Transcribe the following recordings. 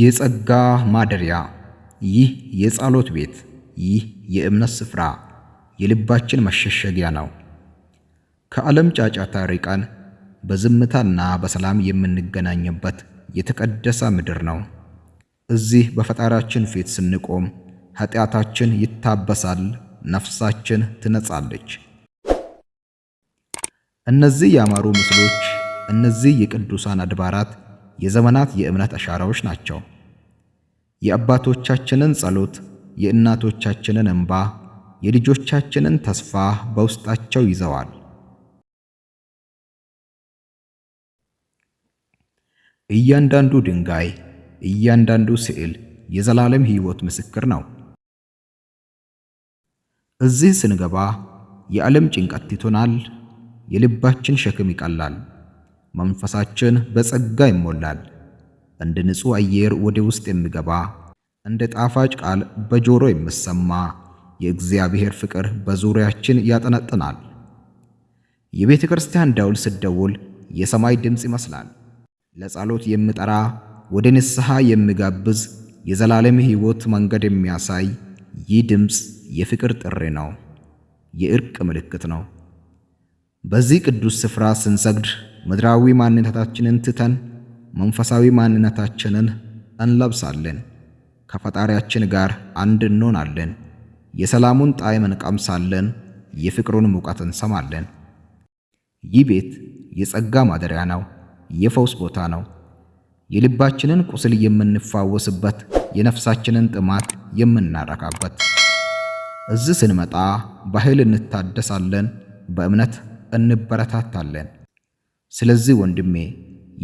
የጸጋ ማደሪያ ይህ የጸሎት ቤት ይህ የእምነት ስፍራ የልባችን መሸሸጊያ ነው። ከዓለም ጫጫታ ርቀን በዝምታና በሰላም የምንገናኝበት የተቀደሰ ምድር ነው። እዚህ በፈጣሪያችን ፊት ስንቆም ኃጢአታችን ይታበሳል፣ ነፍሳችን ትነጻለች። እነዚህ ያማሩ ምስሎች፣ እነዚህ የቅዱሳን አድባራት የዘመናት የእምነት አሻራዎች ናቸው። የአባቶቻችንን ጸሎት፣ የእናቶቻችንን እንባ፣ የልጆቻችንን ተስፋ በውስጣቸው ይዘዋል። እያንዳንዱ ድንጋይ፣ እያንዳንዱ ስዕል የዘላለም ሕይወት ምስክር ነው። እዚህ ስንገባ የዓለም ጭንቀት ትቶናል። የልባችን ሸክም ይቀላል። መንፈሳችን በጸጋ ይሞላል። እንደ ንጹህ አየር ወደ ውስጥ የሚገባ እንደ ጣፋጭ ቃል በጆሮ የሚሰማ የእግዚአብሔር ፍቅር በዙሪያችን ያጠነጥናል። የቤተ ክርስቲያን ደውል ስደውል የሰማይ ድምፅ ይመስላል። ለጸሎት የምጠራ ወደ ንስሐ የምጋብዝ የዘላለም ሕይወት መንገድ የሚያሳይ ይህ ድምፅ የፍቅር ጥሪ ነው፣ የእርቅ ምልክት ነው። በዚህ ቅዱስ ስፍራ ስንሰግድ ምድራዊ ማንነታችንን ትተን መንፈሳዊ ማንነታችንን እንለብሳለን። ከፈጣሪያችን ጋር አንድ እንሆናለን። የሰላሙን ጣዕም እንቀምሳለን። የፍቅሩን ሙቀት እንሰማለን። ይህ ቤት የጸጋ ማደሪያ ነው። የፈውስ ቦታ ነው። የልባችንን ቁስል የምንፋወስበት፣ የነፍሳችንን ጥማት የምናረካበት። እዚህ ስንመጣ በኃይል እንታደሳለን፣ በእምነት እንበረታታለን። ስለዚህ ወንድሜ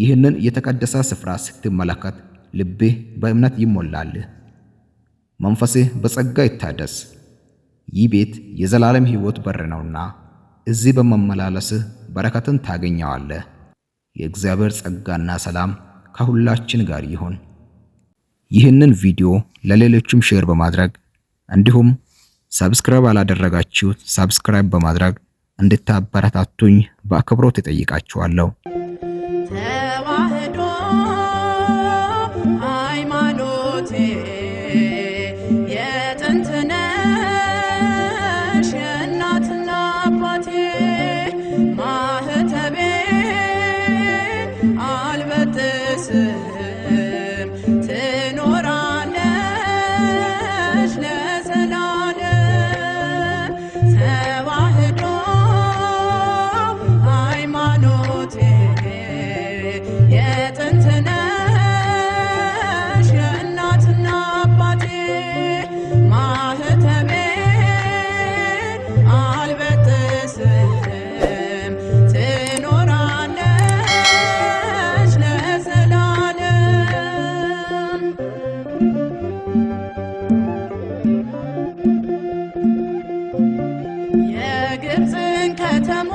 ይህንን የተቀደሰ ስፍራ ስትመለከት ልብህ በእምነት ይሞላልህ፣ መንፈስህ በጸጋ ይታደስ። ይህ ቤት የዘላለም ሕይወት በር ነውና እዚህ በመመላለስህ በረከትን ታገኘዋለህ። የእግዚአብሔር ጸጋና ሰላም ከሁላችን ጋር ይሁን። ይህንን ቪዲዮ ለሌሎችም ሼር በማድረግ እንዲሁም ሰብስክራይብ አላደረጋችሁ ሰብስክራይብ በማድረግ እንድታበረታቱኝ በአክብሮት እጠይቃችኋለሁ። የግብፅን ከተማ